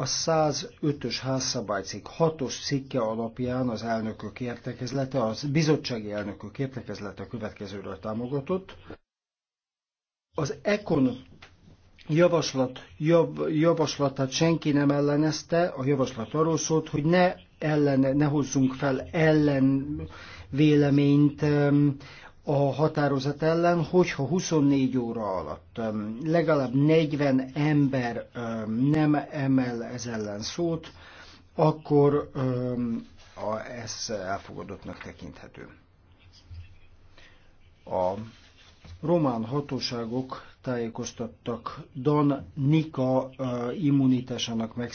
a 105-ös házszabálycikk 6-os cikke alapján az elnökök értekezlete, az bizottsági elnökök értekezlete következőről támogatott. Az ECON javaslat, jav, javaslatát senki nem ellenezte, a javaslat arról szólt, hogy ne, ellene, ne hozzunk fel ellen véleményt a határozat ellen, hogyha 24 óra alatt legalább 40 ember nem emel ez ellen szót, akkor ez elfogadottnak tekinthető. A román hatóságok tájékoztattak Dan Nika immunitásának meg.